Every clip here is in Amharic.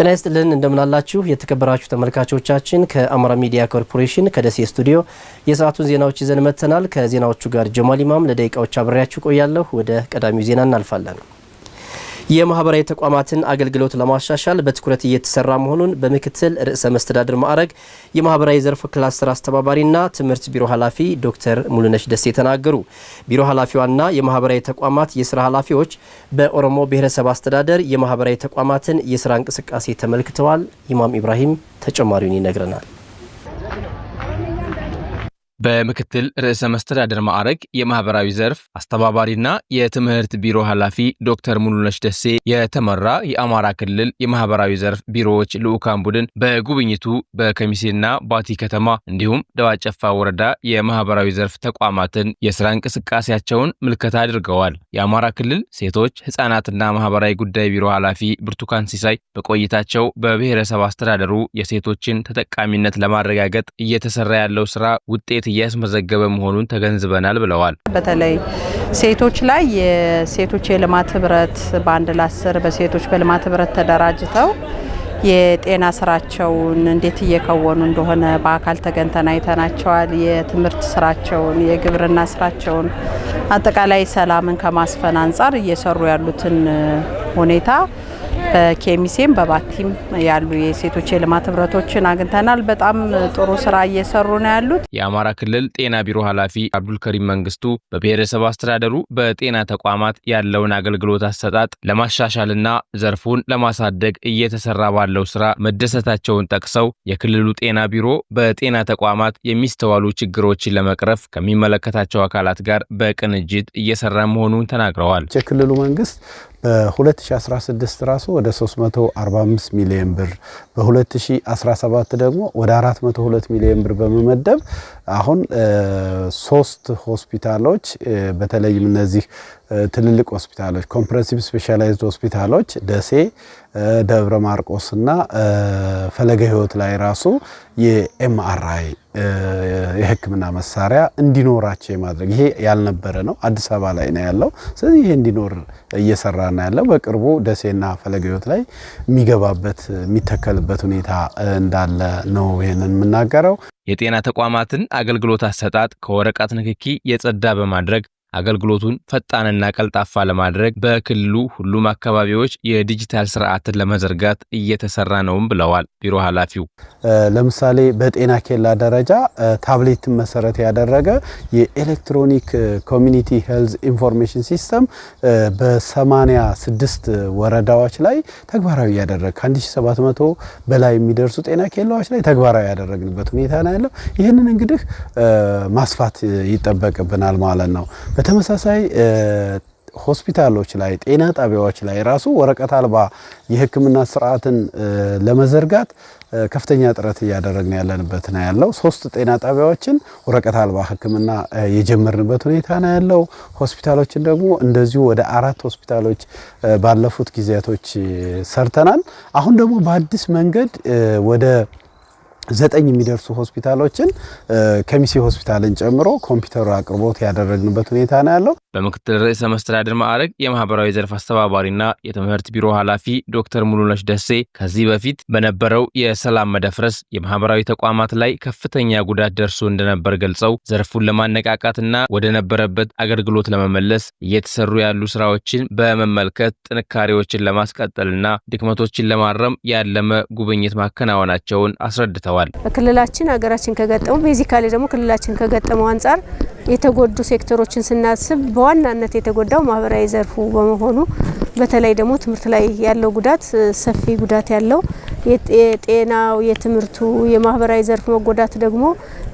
ጤና ይስጥልን እንደምናላችሁ የተከበራችሁ ተመልካቾቻችን፣ ከአማራ ሚዲያ ኮርፖሬሽን ከደሴ ስቱዲዮ የሰዓቱን ዜናዎች ይዘን መጥተናል። ከዜናዎቹ ጋር ጀማል ኢማም ለደቂቃዎች አብሬያችሁ ቆያለሁ። ወደ ቀዳሚው ዜና እናልፋለን። የማህበራዊ ተቋማትን አገልግሎት ለማሻሻል በትኩረት እየተሰራ መሆኑን በምክትል ርዕሰ መስተዳድር ማዕረግ የማህበራዊ ዘርፍ ክላስተር አስተባባሪና ትምህርት ቢሮ ኃላፊ ዶክተር ሙሉነሽ ደሴ ተናገሩ። ቢሮ ኃላፊዋና የማህበራዊ ተቋማት የስራ ኃላፊዎች በኦሮሞ ብሔረሰብ አስተዳደር የማህበራዊ ተቋማትን የስራ እንቅስቃሴ ተመልክተዋል። ኢማም ኢብራሂም ተጨማሪውን ይነግረናል። በምክትል ርዕሰ መስተዳደር ማዕረግ የማህበራዊ ዘርፍ አስተባባሪና የትምህርት ቢሮ ኃላፊ ዶክተር ሙሉነሽ ደሴ የተመራ የአማራ ክልል የማህበራዊ ዘርፍ ቢሮዎች ልዑካን ቡድን በጉብኝቱ በከሚሴና ባቲ ከተማ እንዲሁም ደዋጨፋ ወረዳ የማህበራዊ ዘርፍ ተቋማትን የስራ እንቅስቃሴያቸውን ምልከታ አድርገዋል። የአማራ ክልል ሴቶች ህጻናትና ማህበራዊ ጉዳይ ቢሮ ኃላፊ ብርቱካን ሲሳይ በቆይታቸው በብሔረሰብ አስተዳደሩ የሴቶችን ተጠቃሚነት ለማረጋገጥ እየተሰራ ያለው ስራ ውጤት እያስመዘገበ መሆኑን ተገንዝበናል ብለዋል። በተለይ ሴቶች ላይ የሴቶች የልማት ህብረት በአንድ ለአስር በሴቶች በልማት ህብረት ተደራጅተው የጤና ስራቸውን እንዴት እየከወኑ እንደሆነ በአካል ተገንተን አይተናቸዋል። የትምህርት ስራቸውን፣ የግብርና ስራቸውን አጠቃላይ ሰላምን ከማስፈን አንጻር እየሰሩ ያሉትን ሁኔታ በኬሚሴም በባቲም ያሉ የሴቶች የልማት ህብረቶችን አግኝተናል። በጣም ጥሩ ስራ እየሰሩ ነው ያሉት የአማራ ክልል ጤና ቢሮ ኃላፊ አብዱልከሪም መንግስቱ በብሔረሰብ አስተዳደሩ በጤና ተቋማት ያለውን አገልግሎት አሰጣጥ ለማሻሻልና ዘርፉን ለማሳደግ እየተሰራ ባለው ስራ መደሰታቸውን ጠቅሰው የክልሉ ጤና ቢሮ በጤና ተቋማት የሚስተዋሉ ችግሮችን ለመቅረፍ ከሚመለከታቸው አካላት ጋር በቅንጅት እየሰራ መሆኑን ተናግረዋል። የክልሉ መንግስት በ2016 ራሱ ወደ 345 ሚሊዮን ብር በ2017 ደግሞ ወደ 402 ሚሊዮን ብር በመመደብ አሁን ሶስት ሆስፒታሎች በተለይም እነዚህ ትልልቅ ሆስፒታሎች ኮምፕረንሲቭ ስፔሻላይዝድ ሆስፒታሎች ደሴ፣ ደብረ ማርቆስ እና ፈለገ ሕይወት ላይ ራሱ የኤምአርአይ የሕክምና መሳሪያ እንዲኖራቸው የማድረግ ይሄ ያልነበረ ነው። አዲስ አበባ ላይ ነው ያለው። ስለዚህ ይሄ እንዲኖር እየሰራ ነው ያለው። በቅርቡ ደሴና ፈለገ ሕይወት ላይ የሚገባበት የሚተከልበት ሁኔታ እንዳለ ነው ይህንን የምናገረው። የጤና ተቋማትን አገልግሎት አሰጣጥ ከወረቀት ንክኪ የጸዳ በማድረግ አገልግሎቱን ፈጣንና ቀልጣፋ ለማድረግ በክልሉ ሁሉም አካባቢዎች የዲጂታል ስርዓትን ለመዘርጋት እየተሰራ ነውም ብለዋል ቢሮ ኃላፊው። ለምሳሌ በጤና ኬላ ደረጃ ታብሌትን መሰረት ያደረገ የኤሌክትሮኒክ ኮሚኒቲ ሄልዝ ኢንፎርሜሽን ሲስተም በሰማንያ ስድስት ወረዳዎች ላይ ተግባራዊ ያደረግ ከ1700 በላይ የሚደርሱ ጤና ኬላዎች ላይ ተግባራዊ ያደረግንበት ሁኔታ ነው ያለው። ይህንን እንግዲህ ማስፋት ይጠበቅብናል ማለት ነው። በተመሳሳይ ሆስፒታሎች ላይ ጤና ጣቢያዎች ላይ ራሱ ወረቀት አልባ የሕክምና ስርዓትን ለመዘርጋት ከፍተኛ ጥረት እያደረግን ያለንበት ነው ያለው። ሶስት ጤና ጣቢያዎችን ወረቀት አልባ ሕክምና የጀመርንበት ሁኔታ ነው ያለው። ሆስፒታሎችን ደግሞ እንደዚሁ ወደ አራት ሆስፒታሎች ባለፉት ጊዜያቶች ሰርተናል። አሁን ደግሞ በአዲስ መንገድ ወደ ዘጠኝ የሚደርሱ ሆስፒታሎችን ከሚሴ ሆስፒታልን ጨምሮ ኮምፒውተሩ አቅርቦት ያደረግንበት ሁኔታ ነው ያለው። በምክትል ርዕሰ መስተዳድር ማዕረግ የማህበራዊ ዘርፍ አስተባባሪና የትምህርት ቢሮ ኃላፊ ዶክተር ሙሉነሽ ደሴ ከዚህ በፊት በነበረው የሰላም መደፍረስ የማህበራዊ ተቋማት ላይ ከፍተኛ ጉዳት ደርሶ እንደነበር ገልጸው ዘርፉን ለማነቃቃትና ወደ ነበረበት አገልግሎት ለመመለስ እየተሰሩ ያሉ ስራዎችን በመመልከት ጥንካሬዎችን ለማስቀጠልና ድክመቶችን ለማረም ያለመ ጉብኝት ማከናወናቸውን አስረድተዋል። በክልላችን ሀገራችን ከገጠሙ ቤዚካሌ ደግሞ ክልላችን ከገጠመው አንጻር የተጎዱ ሴክተሮችን ስናስብ በዋናነት የተጎዳው ማህበራዊ ዘርፉ በመሆኑ በተለይ ደግሞ ትምህርት ላይ ያለው ጉዳት ሰፊ ጉዳት ያለው የጤናው፣ የትምህርቱ፣ የማህበራዊ ዘርፍ መጎዳት ደግሞ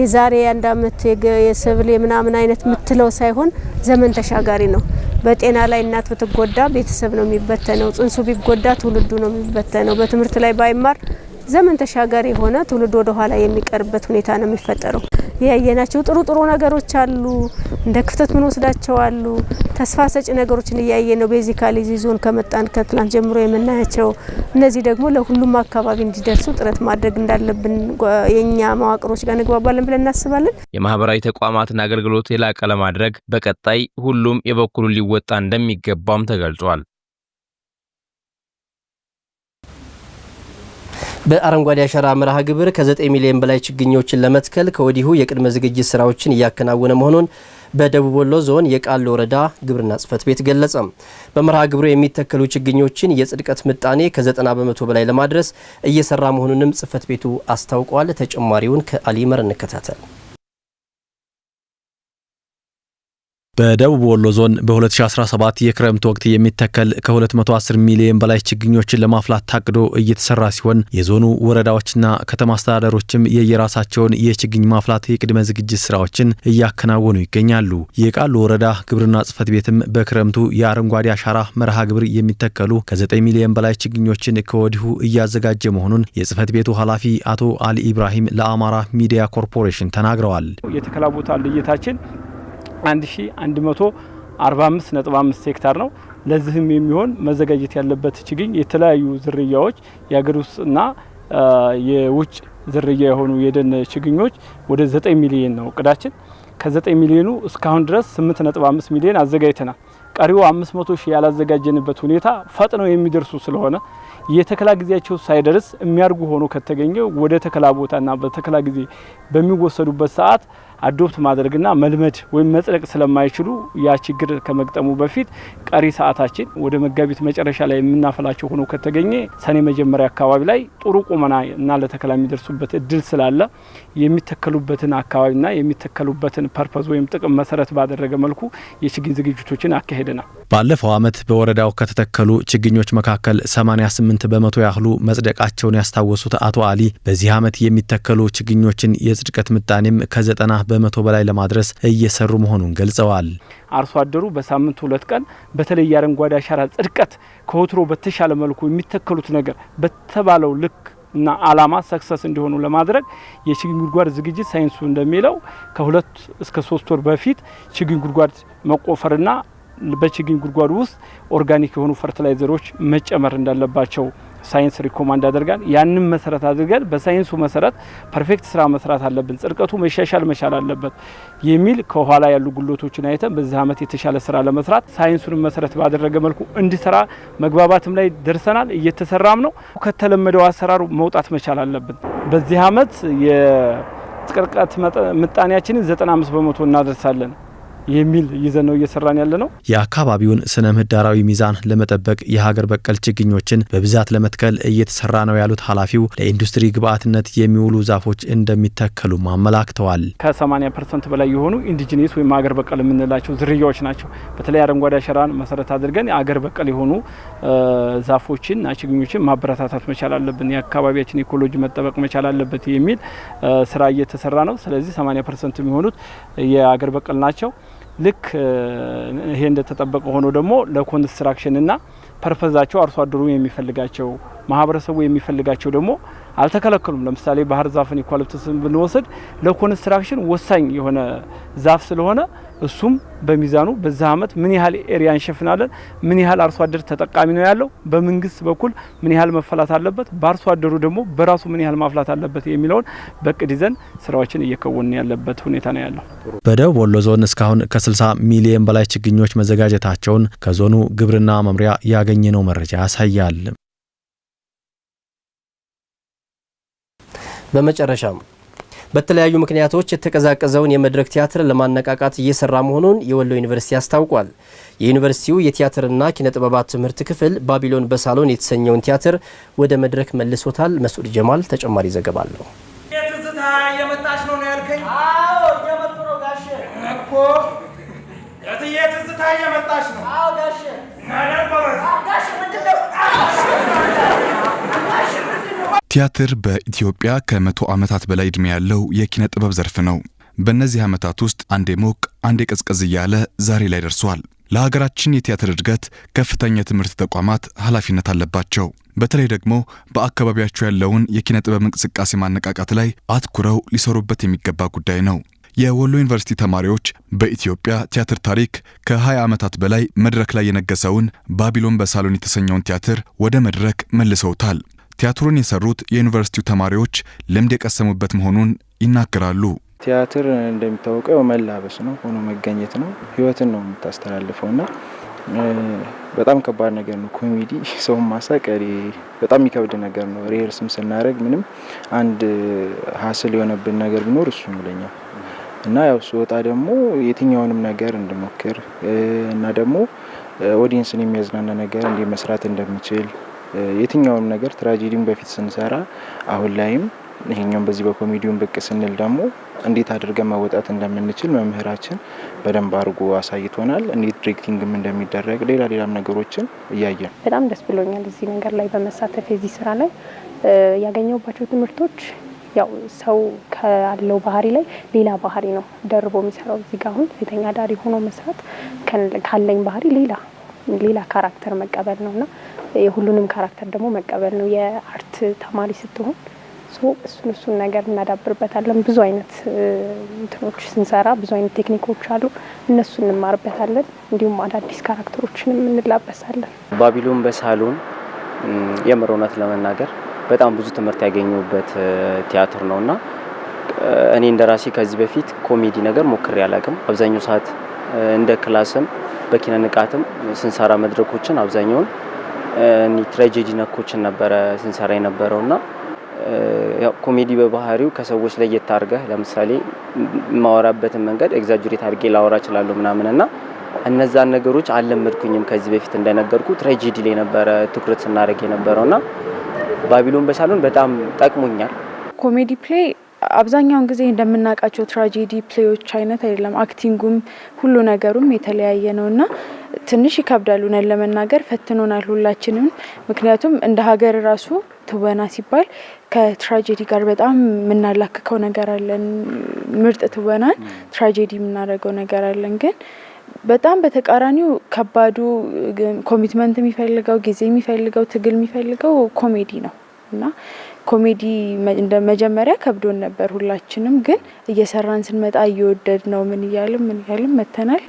የዛሬ አንድ አመት የሰብል የምናምን አይነት የምትለው ሳይሆን ዘመን ተሻጋሪ ነው። በጤና ላይ እናት ብትጎዳ ቤተሰብ ነው የሚበተነው። ጽንሱ ቢጎዳ ትውልዱ ነው የሚበተነው። በትምህርት ላይ ባይማር ዘመን ተሻጋሪ የሆነ ትውልድ ወደኋላ የሚቀርብበት የሚቀርበት ሁኔታ ነው የሚፈጠረው። እያየናቸው ጥሩ ጥሩ ነገሮች አሉ። እንደ ክፍተት ምን ወስዳቸው አሉ። ተስፋ ሰጭ ነገሮችን እያየ ነው። ቤዚካሊ እዚህ ዞን ከመጣን ከትላንት ጀምሮ የምናያቸው እነዚህ ደግሞ ለሁሉም አካባቢ እንዲደርሱ ጥረት ማድረግ እንዳለብን የእኛ መዋቅሮች ጋር እንግባባለን ብለን እናስባለን። የማህበራዊ ተቋማትን አገልግሎት የላቀ ለማድረግ በቀጣይ ሁሉም የበኩሉን ሊወጣ እንደሚገባም ተገልጿል። በአረንጓዴ አሻራ መርሃ ግብር ከ9 ሚሊዮን በላይ ችግኞችን ለመትከል ከወዲሁ የቅድመ ዝግጅት ስራዎችን እያከናወነ መሆኑን በደቡብ ወሎ ዞን የቃሉ ወረዳ ግብርና ጽሕፈት ቤት ገለጸም። በመርሃ ግብሩ የሚተከሉ ችግኞችን የጽድቀት ምጣኔ ከ90 በመቶ በላይ ለማድረስ እየሰራ መሆኑንም ጽሕፈት ቤቱ አስታውቋል። ተጨማሪውን ከአሊመር እንከታተል። በደቡብ ወሎ ዞን በ2017 የክረምት ወቅት የሚተከል ከ210 ሚሊዮን በላይ ችግኞችን ለማፍላት ታቅዶ እየተሰራ ሲሆን የዞኑ ወረዳዎችና ከተማ አስተዳደሮችም የየራሳቸውን የችግኝ ማፍላት የቅድመ ዝግጅት ስራዎችን እያከናወኑ ይገኛሉ። የቃሉ ወረዳ ግብርና ጽሕፈት ቤትም በክረምቱ የአረንጓዴ አሻራ መርሃ ግብር የሚተከሉ ከ9 ሚሊዮን በላይ ችግኞችን ከወዲሁ እያዘጋጀ መሆኑን የጽሕፈት ቤቱ ኃላፊ አቶ አሊ ኢብራሂም ለአማራ ሚዲያ ኮርፖሬሽን ተናግረዋል። የተከላ ቦታ ልየታችን 1145 ሄክታር ነው። ለዚህም የሚሆን መዘጋጀት ያለበት ችግኝ የተለያዩ ዝርያዎች የሀገር ውስጥና የውጭ ዝርያ የሆኑ የደን ችግኞች ወደ 9 ሚሊዮን ነው እቅዳችን። ከ9 ሚሊዮኑ እስካሁን ድረስ 8.5 ሚሊዮን አዘጋጅተናል። ቀሪው 500 ሺህ ያላዘጋጀንበት ሁኔታ ፈጥነው የሚደርሱ ስለሆነ የተከላ ጊዜያቸው ሳይደርስ የሚያድጉ ሆኖ ከተገኘ ወደ ተከላ ቦታና በተከላ ጊዜ በሚወሰዱበት ሰዓት አዶፕት ማድረግና መልመድ ወይም መጽደቅ ስለማይችሉ ያ ችግር ከመግጠሙ በፊት ቀሪ ሰዓታችን ወደ መጋቢት መጨረሻ ላይ የምናፈላቸው ሆኖ ከተገኘ ሰኔ መጀመሪያ አካባቢ ላይ ጥሩ ቁመና እና ለተከላ የሚደርሱበት እድል ስላለ የሚተከሉበትን አካባቢና የሚተከሉበትን ፐርፐዝ ወይም ጥቅም መሰረት ባደረገ መልኩ የችግኝ ዝግጅቶችን አካሄደናል። ባለፈው ዓመት በወረዳው ከተተከሉ ችግኞች መካከል 88 በመቶ ያህሉ መጽደቃቸውን ያስታወሱት አቶ አሊ በዚህ ዓመት የሚተከሉ ችግኞችን የጽድቀት ምጣኔም ከዘጠና በመቶ በላይ ለማድረስ እየሰሩ መሆኑን ገልጸዋል። አርሶ አደሩ በሳምንት ሁለት ቀን በተለይ የአረንጓዴ አሻራ ጽድቀት ከወትሮ በተሻለ መልኩ የሚተከሉት ነገር በተባለው ልክ እና አላማ ሰክሰስ እንዲሆኑ ለማድረግ የችግኝ ጉድጓድ ዝግጅት ሳይንሱ እንደሚለው ከሁለት እስከ ሶስት ወር በፊት ችግኝ ጉድጓድ መቆፈርና በችግኝ ጉድጓድ ውስጥ ኦርጋኒክ የሆኑ ፈርትላይዘሮች መጨመር እንዳለባቸው ሳይንስ ሪኮማንድ አድርጋል። ያንም መሰረት አድርገን በሳይንሱ መሰረት ፐርፌክት ስራ መስራት አለብን፣ ጽድቀቱ መሻሻል መቻል አለበት የሚል ከኋላ ያሉ ጉሎቶችን አይተን በዚህ አመት የተሻለ ስራ ለመስራት ሳይንሱን መሰረት ባደረገ መልኩ እንዲሰራ መግባባትም ላይ ደርሰናል። እየተሰራም ነው። ከተለመደው አሰራሩ መውጣት መቻል አለብን። በዚህ አመት የጽድቀት ምጣኔያችንን 95 በመቶ እናደርሳለን። የሚል ይዘን ነው እየሰራን ያለ ነው። የአካባቢውን ስነ ምህዳራዊ ሚዛን ለመጠበቅ የሀገር በቀል ችግኞችን በብዛት ለመትከል እየተሰራ ነው ያሉት ኃላፊው ለኢንዱስትሪ ግብዓትነት የሚውሉ ዛፎች እንደሚተከሉ አመላክተዋል። ከ80 ፐርሰንት በላይ የሆኑ ኢንዲጂኒስ ወይም ሀገር በቀል የምንላቸው ዝርያዎች ናቸው። በተለይ አረንጓዴ አሸራን መሰረት አድርገን የሀገር በቀል የሆኑ ዛፎችንና ችግኞችን ማበረታታት መቻል አለብን። የአካባቢያችን ኢኮሎጂ መጠበቅ መቻል አለበት የሚል ስራ እየተሰራ ነው። ስለዚህ 80 ፐርሰንት የሚሆኑት የአገር በቀል ናቸው። ልክ ይሄ እንደተጠበቀ ሆኖ ደግሞ ለኮንስትራክሽንና ፐርፐዛቸው አርሶ አደሩ የሚፈልጋቸው ማህበረሰቡ የሚፈልጋቸው ደግሞ አልተከለከሉም። ለምሳሌ ባህር ዛፍን ኢኳሊፕተስን ብንወስድ ለኮንስትራክሽን ወሳኝ የሆነ ዛፍ ስለሆነ እሱም በሚዛኑ በዛ አመት ምን ያህል ኤሪያ እንሸፍናለን፣ ምን ያህል አርሶ አደር ተጠቃሚ ነው ያለው፣ በመንግስት በኩል ምን ያህል መፈላት አለበት፣ በአርሶ አደሩ ደግሞ በራሱ ምን ያህል ማፍላት አለበት የሚለውን በቅድ ይዘን ስራዎችን እየከወን ያለበት ሁኔታ ነው ያለው። በደቡብ ወሎ ዞን እስካሁን ከ60 ሚሊዮን በላይ ችግኞች መዘጋጀታቸውን ከዞኑ ግብርና መምሪያ ያገኘነው መረጃ ያሳያል። በመጨረሻም በተለያዩ ምክንያቶች የተቀዛቀዘውን የመድረክ ቲያትር ለማነቃቃት እየሰራ መሆኑን የወሎ ዩኒቨርሲቲ አስታውቋል። የዩኒቨርሲቲው የቲያትርና ኪነ ጥበባት ትምህርት ክፍል ባቢሎን በሳሎን የተሰኘውን ቲያትር ወደ መድረክ መልሶታል። መስዑድ ጀማል ተጨማሪ ዘገባ አለው። የመጣሽ ነው ቲያትር በኢትዮጵያ ከመቶ ዓመታት በላይ ዕድሜ ያለው የኪነ ጥበብ ዘርፍ ነው። በእነዚህ ዓመታት ውስጥ አንዴ ሞቅ አንዴ ቀዝቀዝ እያለ ዛሬ ላይ ደርሷል። ለሀገራችን የቲያትር እድገት ከፍተኛ የትምህርት ተቋማት ኃላፊነት አለባቸው። በተለይ ደግሞ በአካባቢያቸው ያለውን የኪነ ጥበብ እንቅስቃሴ ማነቃቃት ላይ አትኩረው ሊሰሩበት የሚገባ ጉዳይ ነው። የወሎ ዩኒቨርሲቲ ተማሪዎች በኢትዮጵያ ቲያትር ታሪክ ከ20 ዓመታት በላይ መድረክ ላይ የነገሰውን ባቢሎን በሳሎን የተሰኘውን ቲያትር ወደ መድረክ መልሰውታል። ቲያትሩን የሰሩት የዩኒቨርሲቲው ተማሪዎች ልምድ የቀሰሙበት መሆኑን ይናገራሉ። ቲያትር እንደሚታወቀው መላበስ ነው፣ ሆኖ መገኘት ነው። ህይወትን ነው የምታስተላልፈው እና በጣም ከባድ ነገር ነው። ኮሜዲ ሰውን ማሳቅ በጣም የሚከብድ ነገር ነው። ሪሄርስም ስናደርግ ምንም አንድ ሀስል የሆነብን ነገር ቢኖር እሱ ይለኛል እና ያው ስወጣ ደግሞ የትኛውንም ነገር እንድሞክር እና ደግሞ ኦዲየንስን የሚያዝናና ነገር እንዲ መስራት እንደምችል የትኛውም ነገር ትራጀዲን በፊት ስንሰራ አሁን ላይም ይሄኛውም በዚህ በኮሜዲውን ብቅ ስንል ደግሞ እንዴት አድርገን መወጣት እንደምንችል መምህራችን በደንብ አድርጎ አሳይቶናል። እንዴት ዲሬክቲንግም እንደሚደረግ ሌላ ሌላም ነገሮችን እያየን በጣም ደስ ብሎኛል። እዚህ ነገር ላይ በመሳተፍ የዚህ ስራ ላይ ያገኘውባቸው ትምህርቶች ያው ሰው ካለው ባህሪ ላይ ሌላ ባህሪ ነው ደርቦ የሚሰራው። እዚህ ጋ አሁን ሴተኛ ዳሪ ሆኖ መስራት ካለኝ ባህሪ ሌላ ሌላ ካራክተር መቀበል ነው እና የሁሉንም ካራክተር ደግሞ መቀበል ነው የአርት ተማሪ ስትሆን እሱን እሱን ነገር እናዳብርበታለን። ብዙ አይነት እንትኖች ስንሰራ ብዙ አይነት ቴክኒኮች አሉ፣ እነሱ እንማርበታለን። እንዲሁም አዳዲስ ካራክተሮችንም እንላበሳለን። ባቢሎን በሳሎን የምር እውነት ለመናገር በጣም ብዙ ትምህርት ያገኙበት ቲያትር ነው እና እኔ እንደራሴ ከዚህ በፊት ኮሜዲ ነገር ሞክሬ አላውቅም። አብዛኛው ሰዓት እንደ ክላስም በኪነ ንቃትም ስንሰራ መድረኮችን አብዛኛውን ትራጀዲ ነኮችን ነበረ ስንሰራ የነበረው እና ኮሜዲ በባህሪው ከሰዎች ለየት አድርገህ ለምሳሌ የማወራበትን መንገድ ኤግዛጅሬት አድርጌ ላወራ እችላለሁ ምናምን እና እነዛን ነገሮች አልለመድኩኝም። ከዚህ በፊት እንደነገርኩ ትራጀዲ ላይ ነበረ ትኩረት ስናደርግ የነበረው እና ባቢሎን በሳሎን በጣም ጠቅሞኛል። ኮሜዲ ፕሌይ አብዛኛውን ጊዜ እንደምናውቃቸው ትራጀዲ ፕሌዎች አይነት አይደለም። አክቲንጉም ሁሉ ነገሩም የተለያየ ነው እና ትንሽ ይከብዳል። እውነቱን ለመናገር ፈትኖናል ሁላችንም። ምክንያቱም እንደ ሀገር ራሱ ትወና ሲባል ከትራጀዲ ጋር በጣም የምናላክከው ነገር አለን። ምርጥ ትወናን ትራጀዲ የምናደርገው ነገር አለን ግን በጣም በተቃራኒው ከባዱ ኮሚትመንት የሚፈልገው ጊዜ የሚፈልገው ትግል የሚፈልገው ኮሜዲ ነው እና ኮሜዲ መጀመሪያ ከብዶን ነበር ሁላችንም። ግን እየሰራን ስንመጣ እየወደድ ነው ምን እያልም ምን እያልም መተናል።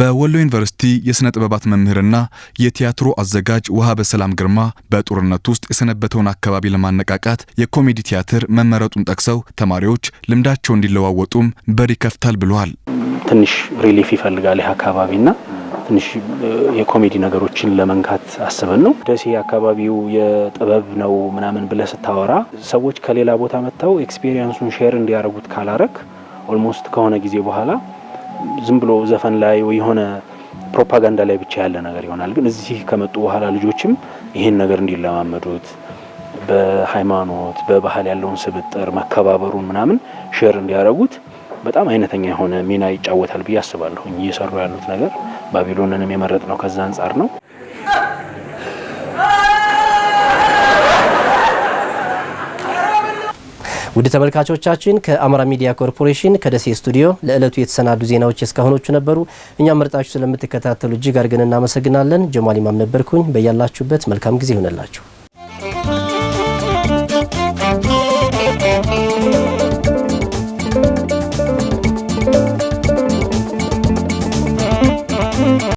በወሎ ዩኒቨርሲቲ የሥነ ጥበባት መምህርና የቲያትሮ አዘጋጅ ውሃ በሰላም ግርማ በጦርነት ውስጥ የሰነበተውን አካባቢ ለማነቃቃት የኮሜዲ ቲያትር መመረጡን ጠቅሰው ተማሪዎች ልምዳቸው እንዲለዋወጡም በር ይከፍታል ብለዋል። ትንሽ ሪሊፍ ይፈልጋል ይህ አካባቢና ትንሽ የኮሜዲ ነገሮችን ለመንካት አስበን ነው። ደሴ አካባቢው የጥበብ ነው ምናምን ብለ ስታወራ ሰዎች ከሌላ ቦታ መጥተው ኤክስፔሪየንሱን ሼር እንዲያደርጉት ካላረክ ኦልሞስት ከሆነ ጊዜ በኋላ ዝም ብሎ ዘፈን ላይ የሆነ ፕሮፓጋንዳ ላይ ብቻ ያለ ነገር ይሆናል። ግን እዚህ ከመጡ በኋላ ልጆችም ይህን ነገር እንዲለማመዱት በሃይማኖት በባህል ያለውን ስብጥር መከባበሩን ምናምን ሼር እንዲያደርጉት በጣም አይነተኛ የሆነ ሚና ይጫወታል ብዬ አስባለሁ። እየሰሩ ያሉት ነገር ባቢሎንንም የመረጥ ነው ከዛ አንጻር ነው። ውድ ተመልካቾቻችን ከአማራ ሚዲያ ኮርፖሬሽን ከደሴ ስቱዲዮ ለዕለቱ የተሰናዱ ዜናዎች እስካሁኖቹ ነበሩ። እኛ መርጣችሁ ስለምትከታተሉ እጅግ አድርገን እናመሰግናለን። ጀማል ነበርኩኝ። በያላችሁበት መልካም ጊዜ ይሆነላችሁ።